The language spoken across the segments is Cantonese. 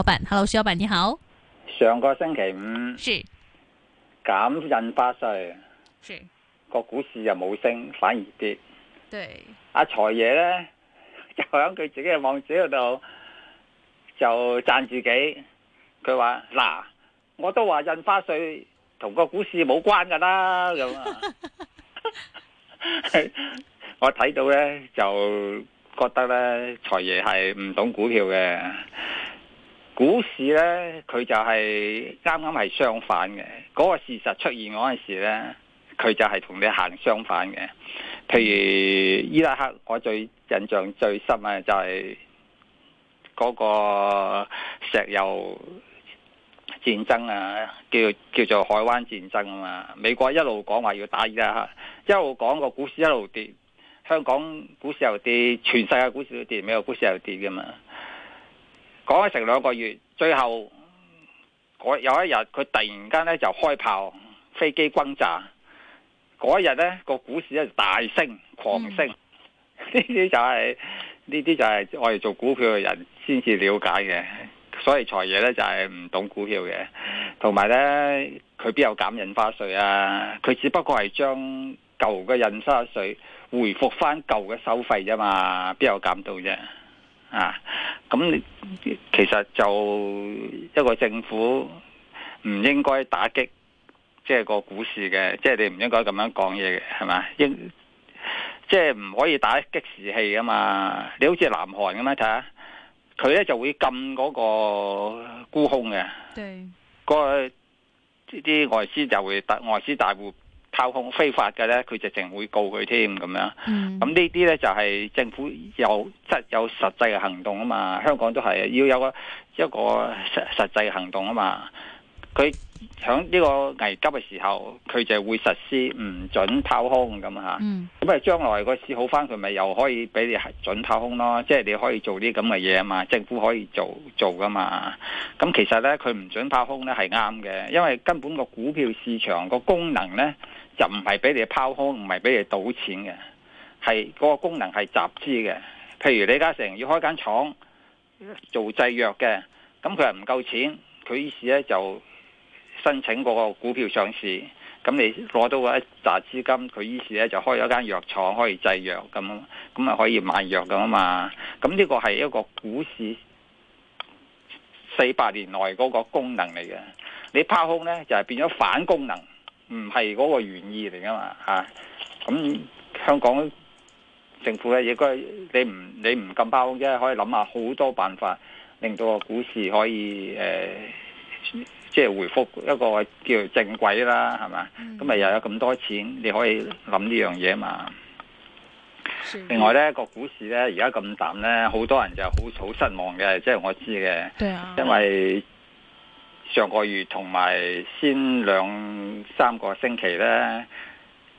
老闆，Hello，徐老闆你好。上個星期五，是減印花稅，是個股市又冇升，反而跌。對，阿財爺咧，就喺佢自己嘅網址嗰度就讚自己。佢話嗱，我都話印花稅同個股市冇關㗎啦咁啊。我睇到咧，就覺得咧，財爺係唔懂股票嘅。股市呢，佢就係啱啱係相反嘅。嗰個事實出現嗰陣時呢，佢就係同你行相反嘅。譬如伊拉克，我最印象最深啊，就係嗰個石油戰爭啊，叫叫做海灣戰爭啊嘛。美國一路講話要打伊拉克，一路講個股市一路跌，香港股市又跌，全世界股市都跌，美國股市又跌噶嘛。講咗成兩個月，最後有一日佢突然間咧就開炮，飛機轟炸嗰一日咧個股市咧就大升狂升，呢啲、嗯、就係呢啲就係我哋做股票嘅人先至了解嘅，所以財爺咧就係、是、唔懂股票嘅，同埋咧佢邊有減印花稅啊？佢只不過係將舊嘅印花稅回復翻舊嘅收費啫嘛，邊有減到啫？啊，咁、嗯、你其實就一個政府唔應該打擊，即係個股市嘅，即、就、係、是、你唔應該咁樣講嘢，係咪？應即係唔可以打擊士氣噶嘛？你好似南韓咁啊，睇下佢咧就會禁嗰個沽空嘅，對嗰個啲啲外資就會外大外資大戶。操控非法嘅咧，佢直情會告佢添咁樣。咁呢啲咧就係政府有實有，有實際嘅行動啊嘛。香港都係要有一個一個實實際行動啊嘛。佢喺呢個危急嘅時候，佢就係會實施唔准炮空咁嚇。咁啊、嗯，將來個市好翻，佢咪又可以俾你係準炮空咯。即係你可以做啲咁嘅嘢啊嘛。政府可以做做噶嘛。咁、嗯、其實咧，佢唔准炮空咧係啱嘅，因為根本個股票市場個功能咧。就唔係俾你拋空，唔係俾你賭錢嘅，係嗰、那個功能係集資嘅。譬如李嘉誠要開間廠做製藥嘅，咁佢係唔夠錢，佢於是咧就申請嗰個股票上市，咁你攞到一紮資金，佢於是咧就開咗間藥廠可以製藥，咁咁啊可以賣藥㗎嘛。咁呢個係一個股市四百年內嗰個功能嚟嘅。你拋空呢，就係、是、變咗反功能。唔係嗰個原意嚟噶嘛，吓、啊、咁、嗯、香港政府咧，亦都你唔你唔咁包容啫，可以諗下好多辦法，令到個股市可以誒、呃，即係回復一個叫做正軌啦，係嘛？咁咪、嗯、又有咁多錢，你可以諗呢樣嘢嘛？的另外咧，個股市咧而家咁淡咧，好多人就好好失望嘅，即、就、係、是、我知嘅，的因為。上個月同埋先兩三個星期呢，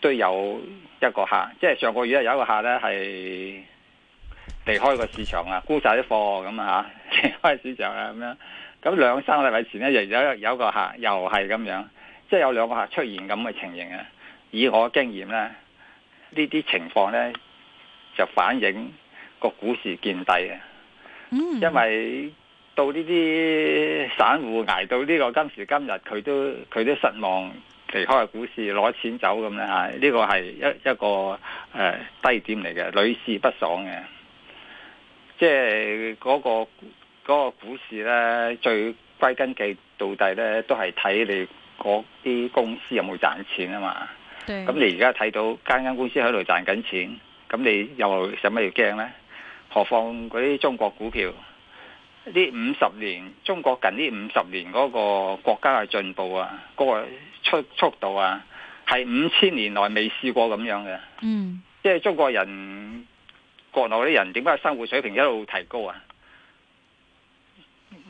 都有一個客，即係上個月啊有一個客呢，係離開個市場啊，沽晒啲貨咁啊，離開市場啊咁樣。咁兩三個禮拜前呢，又有一有個客又係咁樣，即係有兩個客出現咁嘅情形啊以我經驗呢，呢啲情況呢，就反映個股市見底啊，因為。到呢啲散戶捱到呢個今時今日，佢都佢都失望離開股市攞錢走咁咧，吓呢個係一一個誒、呃、低點嚟嘅，屢試不爽嘅。即係嗰、嗰個、嗰個股市咧，最歸根結到底咧，都係睇你嗰啲公司有冇賺錢啊嘛。咁的你而家睇到間間公司喺度賺緊錢，咁你又使乜要驚咧？何況嗰啲中國股票？呢五十年，中國近呢五十年嗰個國家嘅進步啊，嗰個速、速度啊，係五千年來未試過咁樣嘅。嗯，即係中國人國內啲人點解生活水平一路提高啊？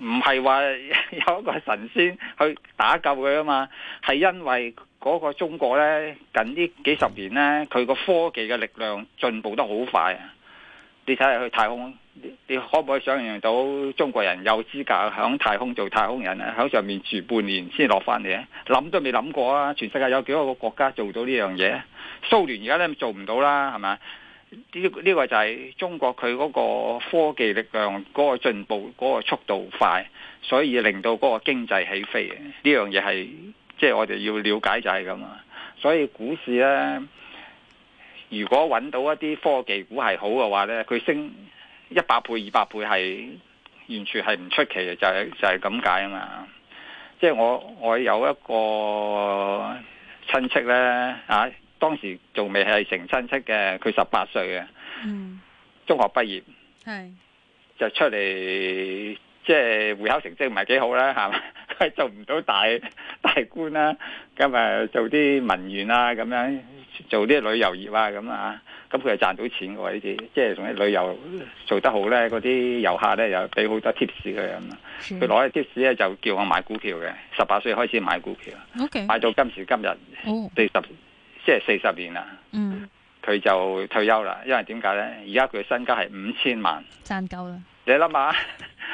唔係話有一個神仙去打救佢啊嘛，係因為嗰個中國呢，近呢幾十年呢，佢個科技嘅力量進步得好快啊！你睇下去太空，你可唔可以想象到中國人有資格響太空做太空人咧、啊？喺上面住半年先落翻嚟咧，諗都未諗過啊！全世界有幾多個國家做到蘇聯呢樣嘢？蘇聯而家都做唔到啦，係咪？呢、這、呢、個這個就係中國佢嗰個科技力量、嗰個進步、嗰、那個速度快，所以令到嗰個經濟起飛嘅呢樣嘢係，即係、就是、我哋要了解就係咁啊！所以股市咧。嗯如果揾到一啲科技股係好嘅話呢，佢升一百倍二百倍係完全係唔出奇嘅，就係就係咁解啊嘛！即係我我有一個親戚呢，啊當時仲未係成親戚嘅，佢十八歲嘅，嗯，中學畢業，係就出嚟，即係會考成績唔係幾好啦，嚇，做唔到大大官啦，咁啊做啲文員啊咁樣。做啲旅遊業啊咁啊，咁佢係賺到錢嘅呢啲即係仲喺旅遊做得好咧，嗰啲遊客咧又俾好多 tips 佢咁啊。佢攞啲 tips 咧就叫我買股票嘅，十八歲開始買股票，Okay 買到今時今日，哦、第十即係四十年啦。嗯，佢就退休啦，因為點解咧？而家佢身家係五、啊啊、千萬，賺夠啦。你諗下，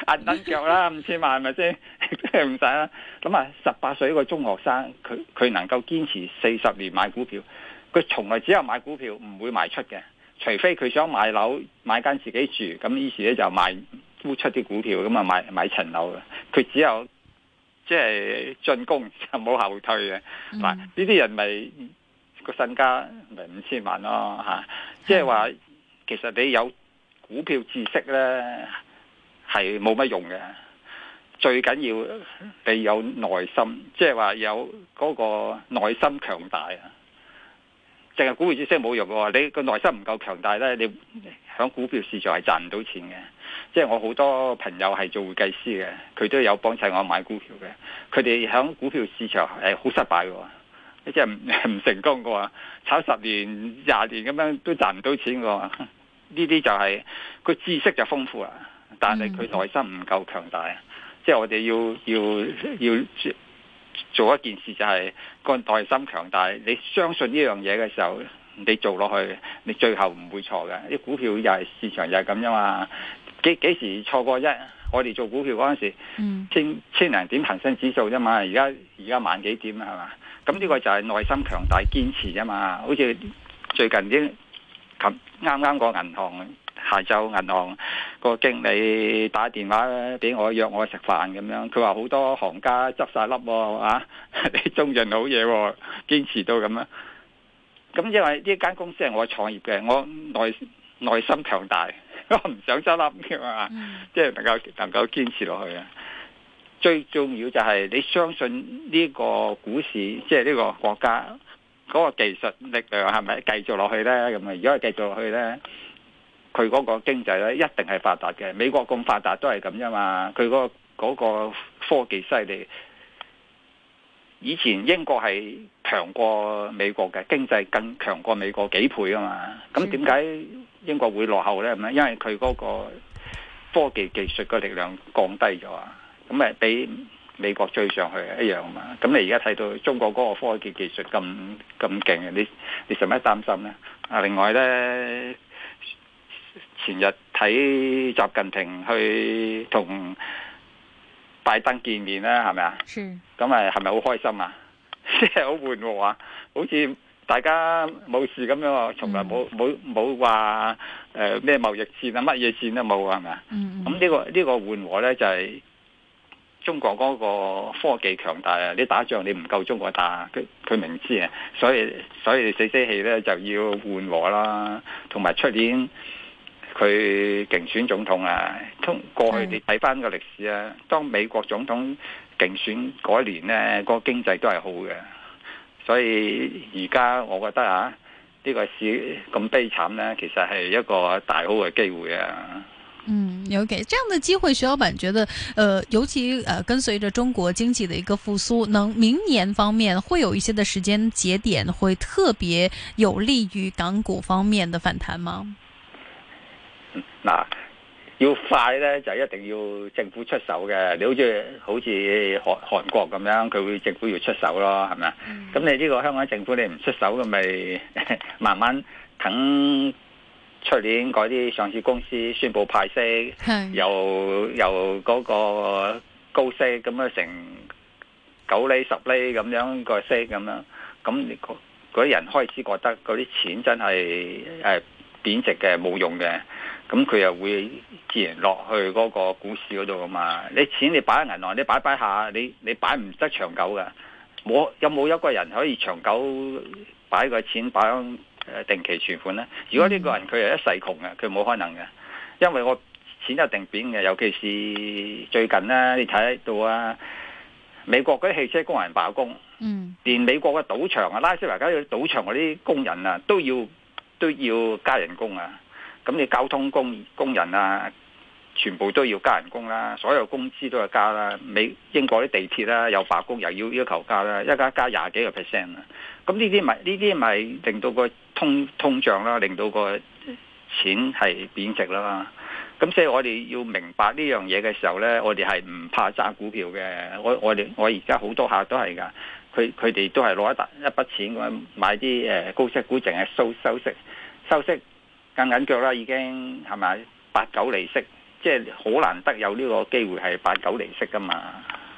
壓緊腳啦，五千萬咪先即係唔使啦。咁啊，十八歲一個中學生，佢佢能夠堅持四十年買股票。佢從來只有買股票，唔會賣出嘅，除非佢想買樓，買間自己住，咁於是咧就賣沽出啲股票，咁啊買買層樓。佢只有即係、就是、進攻，就 冇後退嘅。嗱、嗯，呢啲人咪、就、個、是、身家咪五千萬咯吓、啊。即係話，的其實你有股票知識呢，係冇乜用嘅。最緊要你有耐心，即係話有嗰個耐心強大啊！淨係股票知識冇用喎，你個內心唔夠強大咧，你喺股票市場係賺唔到錢嘅。即係我好多朋友係做會計師嘅，佢都有幫襯我買股票嘅，佢哋喺股票市場係好失敗嘅，即係唔成功嘅，炒十年廿年咁樣都賺唔到錢嘅。呢啲就係、是、佢知識就豐富啦，但係佢內心唔夠強大。即係我哋要要要。要要做一件事就係個內心強大，你相信呢樣嘢嘅時候，你做落去，你最後唔會錯嘅。啲股票又係市場又係咁啫嘛，幾幾時錯過一？我哋做股票嗰陣時，千千零點恒生指數啫嘛，而家而家萬幾點係嘛，咁呢個就係內心強大堅持啫嘛。好似最近啲近啱啱個銀行。下晝銀行個經理打電話俾我約我食飯咁樣，佢話好多行家執晒笠，係、啊、你 中人好嘢，堅持到咁樣。咁因為呢間公司係我創業嘅，我內內心強大， 我唔想執笠嘅嘛，即、啊、係、mm. 能夠能夠堅持落去啊。最重要就係你相信呢個股市，即係呢個國家嗰、嗰個技術力量係咪繼續落去咧？咁啊，如果係繼續落去咧？佢嗰個經濟咧一定係發達嘅，美國咁發達都係咁啫嘛。佢嗰嗰個科技犀利，以前英國係強過美國嘅經濟，更強過美國幾倍啊嘛。咁點解英國會落後呢？咁樣，因為佢嗰個科技技術嘅力量降低咗啊。咁咪俾美國追上去一樣啊嘛。咁你而家睇到中國嗰個科技技術咁咁勁，你你使唔使擔心呢？啊，另外呢。前日睇習近平去同拜登見面啦，係咪啊？咁啊是，係咪好開心啊？即係好緩和啊，好似大家冇事咁樣啊，從來冇冇冇話誒咩貿易戰啊，乜嘢戰都冇啊，係咪啊？咁呢、嗯嗯呢個呢、呢個緩和咧，就係、是、中國嗰個科技強大啊！你打仗你唔夠中國打，佢佢明知啊，所以所以你死死氣咧就要緩和啦，同埋出年。佢競選總統啊，通過去你睇翻個歷史啊，當美國總統競選嗰一年呢，個經濟都係好嘅。所以而家我覺得啊，呢個市咁悲慘呢、啊，其實係一個大好嘅機會啊。嗯，OK，這樣的機會，徐老闆覺得，呃，尤其呃跟隨着中國經濟的一個復甦，能明年方面會有一些的時間節點，會特別有利於港股方面的反彈嗎？嗱，要快咧就一定要政府出手嘅。你好似好似韓韓，韓國咁樣，佢會政府要出手咯，係咪？咁、嗯、你呢個香港政府你唔出手，咁咪慢慢等出年嗰啲上市公司宣布派息，又又嗰個高息咁樣成九厘十厘咁樣個息咁樣，咁你啲人開始覺得嗰啲錢真係誒貶值嘅，冇用嘅。咁佢又會自然落去嗰個股市嗰度啊嘛！你錢你擺喺銀行，你擺擺下，你你擺唔得長久嘅。冇有冇一個人可以長久擺個錢擺定期存款呢？如果呢個人佢係一世窮嘅，佢冇可能嘅。因為我錢一定貶嘅，尤其是最近呢、啊，你睇到啊，美國嗰啲汽車工人罷工，嗯，連美國嘅賭場啊、拉斯維加斯賭場嗰啲工人啊，都要都要加人工啊！咁你交通工工人啊，全部都要加人工啦，所有工資都係加啦。美英國啲地鐵啦、啊、有罷工，又要要求加啦，一家加廿幾個 percent 啦。咁呢啲咪呢啲咪令到個通通脹啦，令到個錢係貶值啦嘛。咁所以我哋要明白呢樣嘢嘅時候呢，我哋係唔怕揸股票嘅。我我哋我而家好多客都係㗎，佢佢哋都係攞一筆一筆錢咁買啲誒高息股，淨係收收息收息。收息夾緊腳啦，已經係咪八九厘息？即係好難得有呢個機會係八九厘息㗎嘛。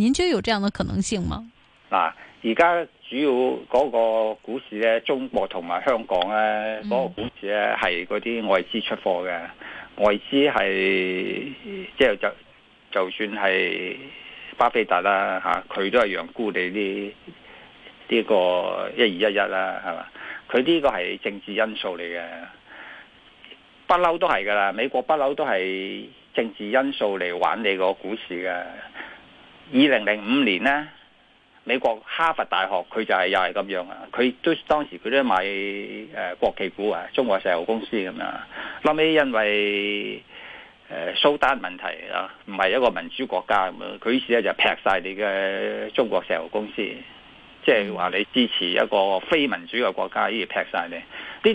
您覺得有這樣的可能性嗎？嗱，而家主要嗰個股市咧，中國同埋香港咧，嗰、那個股市咧係嗰啲外資出貨嘅，外資係即係就就算係巴菲特啦，吓、啊、佢都係讓沽你啲呢個一二一一啦，係嘛？佢呢個係政治因素嚟嘅，不嬲都係噶啦，美國不嬲都係政治因素嚟玩你個股市嘅。二零零五年呢，美國哈佛大學佢就係又係咁樣啊！佢都當時佢都買誒國企股啊，中國石油公司咁樣。後尾因為誒蘇丹問題啊，唔係一個民主國家咁樣，佢於是咧就劈晒你嘅中國石油公司。即係話你支持一個非民主嘅國家，依啲劈曬你，呢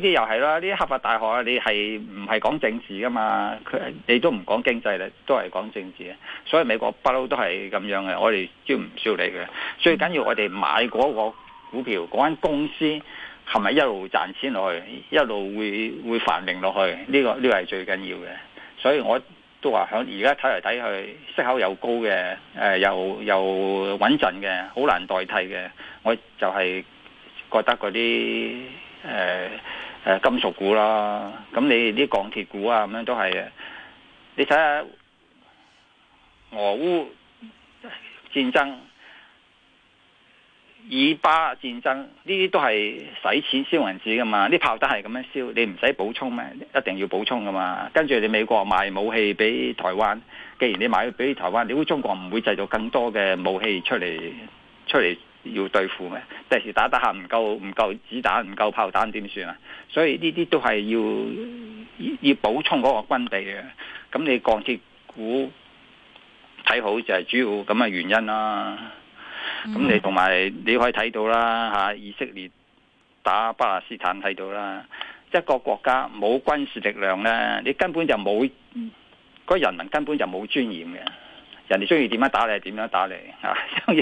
啲又係啦。呢啲哈佛大學啊，你係唔係講政治噶嘛？佢你都唔講經濟咧，都係講政治啊。所以美國不嬲都係咁樣嘅，我哋招唔招你嘅？最緊要我哋買嗰個股票嗰間公司係咪一路賺錢落去，一路會會繁榮落去？呢個呢個係最緊要嘅。所以我。都話響，而家睇嚟睇去，息口又高嘅，誒、呃、又又穩陣嘅，好難代替嘅。我就係覺得嗰啲誒誒金屬股啦，咁你啲鋼鐵股啊，咁樣都係。你睇下、啊、俄烏戰爭。以巴戰爭呢啲都係使錢燒銀紙噶嘛，啲炮彈係咁樣燒，你唔使補充咩？一定要補充噶嘛。跟住你美國賣武器俾台灣，既然你買咗俾台灣，你估中國唔會製造更多嘅武器出嚟出嚟要對付咩？第時打打下唔夠唔夠子彈唔夠炮彈點算啊？所以呢啲都係要要補充嗰個軍備嘅。咁你鋼鐵股睇好就係主要咁嘅原因啦。咁你同埋你可以睇到啦吓，啊，以色列打巴勒斯坦睇到啦，即係個國家冇軍事力量咧，你根本就冇，個人民根本就冇尊嚴嘅。人哋中意點樣打你係點樣打你啊，中意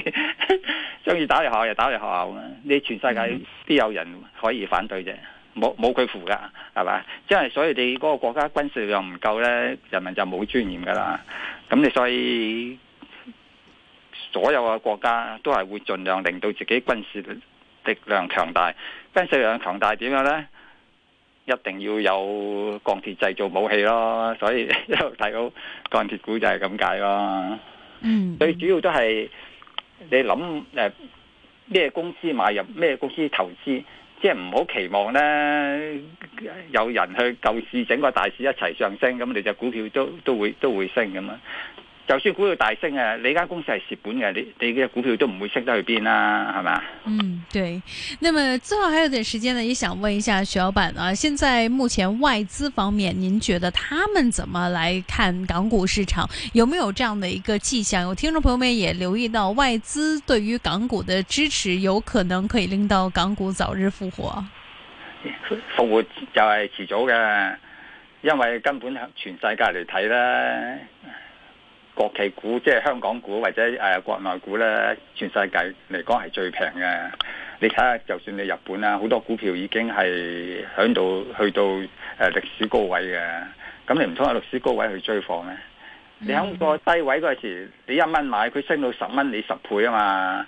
中意打你學校就打你學校啊！你全世界邊有人可以反對啫？冇冇佢符㗎係嘛？即係，所以你嗰個國家軍事力量唔夠咧，人民就冇尊嚴㗎啦。咁你所以。所有嘅國家都係會盡量令到自己軍事力量強大，軍事力量強大點樣呢？一定要有鋼鐵製造武器咯，所以一路睇到鋼鐵股就係咁解咯。嗯，嗯，最主要都係你諗誒咩公司買入，咩公司投資，即係唔好期望呢有人去救市，整個大市一齊上升，咁你就股票都都會都會升咁樣！就算股票大升啊，你間公司係蝕本嘅，你你嘅股票都唔會升得去邊啦，係咪？嗯，對。那麼最後還有點時間呢，也想問一下徐老闆啊，現在目前外資方面，您覺得他們怎麼來看港股市場？有沒有這樣的一個跡象？有聽眾朋友們也留意到，外資對於港股的支持，有可能可以令到港股早日復活。 復活就係遲早嘅，因為根本全世界嚟睇咧。國企股即係香港股或者誒、呃、國內股呢，全世界嚟講係最平嘅。你睇下，就算你日本啦，好多股票已經係響度去到誒、呃、歷史高位嘅。咁你唔通喺歷史高位去追貨咩？你喺個低位嗰時，你一蚊買，佢升到十蚊，你十倍啊嘛。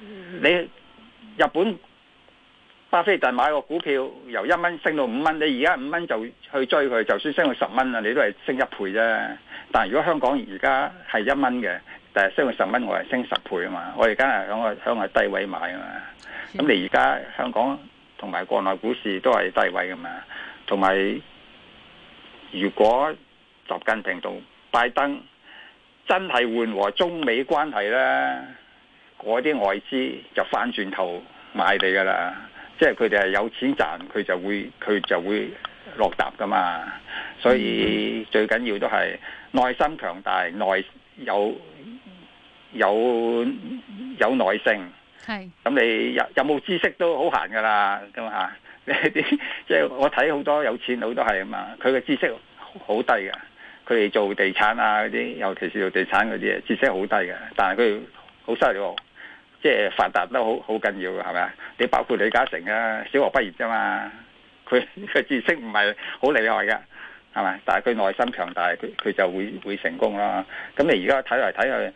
你日本。巴菲特買個股票由一蚊升到五蚊，你而家五蚊就去追佢，就算升到十蚊啦，你都係升一倍啫。但如果香港而家係一蚊嘅，但係升到十蚊，我係升十倍啊嘛。我而家係響個響個低位買啊嘛。咁你而家香港同埋國內股市都係低位噶嘛，同埋如果習近平到拜登真係緩和中美關係咧，嗰啲外資就翻轉頭買你噶啦。即係佢哋係有錢賺，佢就會佢就會落踏㗎嘛。所以最緊要都係耐心強大，耐有有有耐性。係咁是，你有有冇知識都好閒㗎啦，咁啊？啲即係我睇好多有錢佬都係啊嘛，佢嘅知識好低㗎，佢哋做地產啊嗰啲，尤其係做地產嗰啲啊，知識好低㗎，但係佢好犀利喎。即係發達得好好緊要嘅，係咪啊？你包括李嘉誠啊，小學畢業啫嘛，佢佢知識唔係好厲害嘅，係咪？但係佢內心強大，佢佢就會會成功啦。咁你而家睇嚟睇去，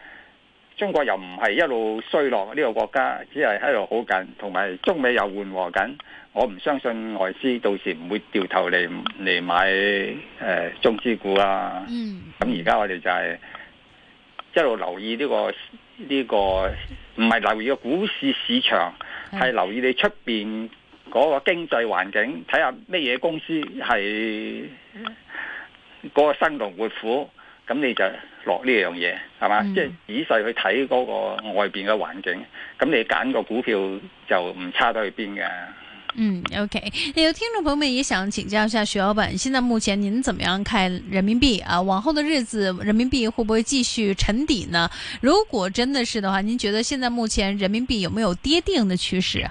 中國又唔係一路衰落呢個國家，只係喺度好緊，同埋中美又緩和緊。我唔相信外資到時唔會掉頭嚟嚟買誒、呃、中資股啊。嗯。咁而家我哋就係一路留意呢、呢個。呢個唔係留意個股市市場，係留意你出邊嗰個經濟環境，睇下咩嘢公司係嗰個生龍活虎，咁你就落呢樣嘢，係嘛？嗯、即係仔細去睇嗰個外邊嘅環境，咁你揀個股票就唔差得去邊嘅。嗯，OK，有聽眾朋友們也想請教一下徐老闆，現在目前您怎麼樣看人民幣啊？往後的日子，人民幣會不會繼續沉底呢？如果真的是的話，您覺得現在目前人民幣有沒有跌定的趨勢啊？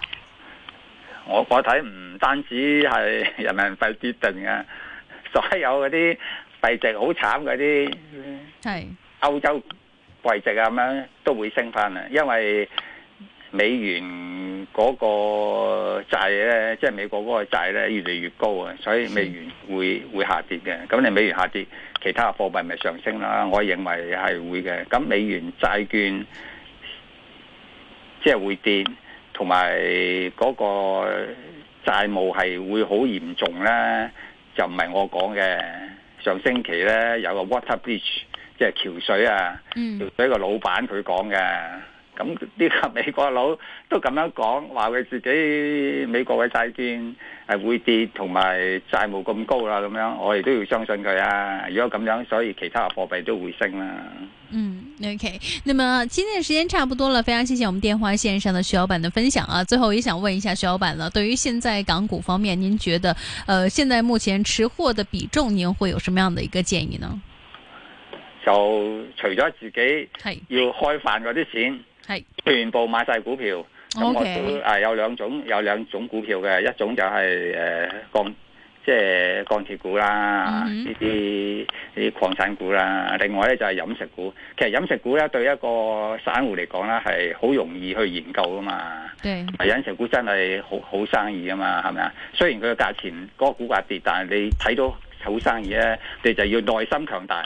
我我睇唔單止係人民幣跌定啊，所有嗰啲幣值好慘嗰啲係歐洲幣值咁啊樣都會升返啦，因為美元。嗰個債咧，即係美國嗰個債咧，越嚟越高啊，所以美元會會下跌嘅。咁你美元下跌，其他貨幣咪上升啦？我認為係會嘅。咁美元債券即係會跌，同埋嗰個債務係會好嚴重咧，就唔係我講嘅。上星期咧，有個 water bridge 即係橋水啊，橋、嗯、水個老闆佢講嘅。咁呢個美國佬都咁樣講，話佢自己美國嘅債券係會跌，同埋債務咁高啦咁樣，我哋都要相信佢啊！如果咁樣，所以其他貨幣都會升啦。嗯，OK，那麼今天嘅時間差不多了，非常謝謝我們電話線上嘅徐老闆嘅分享啊！最後也想問一下徐老闆啦，對於現在港股方面，您覺得，誒、呃，現在目前持貨的比重，您會有什麼樣的一個建議呢？就除咗自己係要開飯嗰啲錢。係，是全部買晒股票咁 Okay. 我誒、啊、有兩種有兩種股票嘅，一種就係、是、誒、呃、鋼即係鋼鐵股啦，呢啲呢啲礦產股啦，另外咧就係飲食股。其實飲食股咧對一個散戶嚟講咧係好容易去研究噶嘛，係 Okay.、啊、飲食股真係好好生意噶嘛，係咪啊？雖然佢嘅價錢嗰、那個股價跌，但係你睇到好生意咧，你就要耐心強大。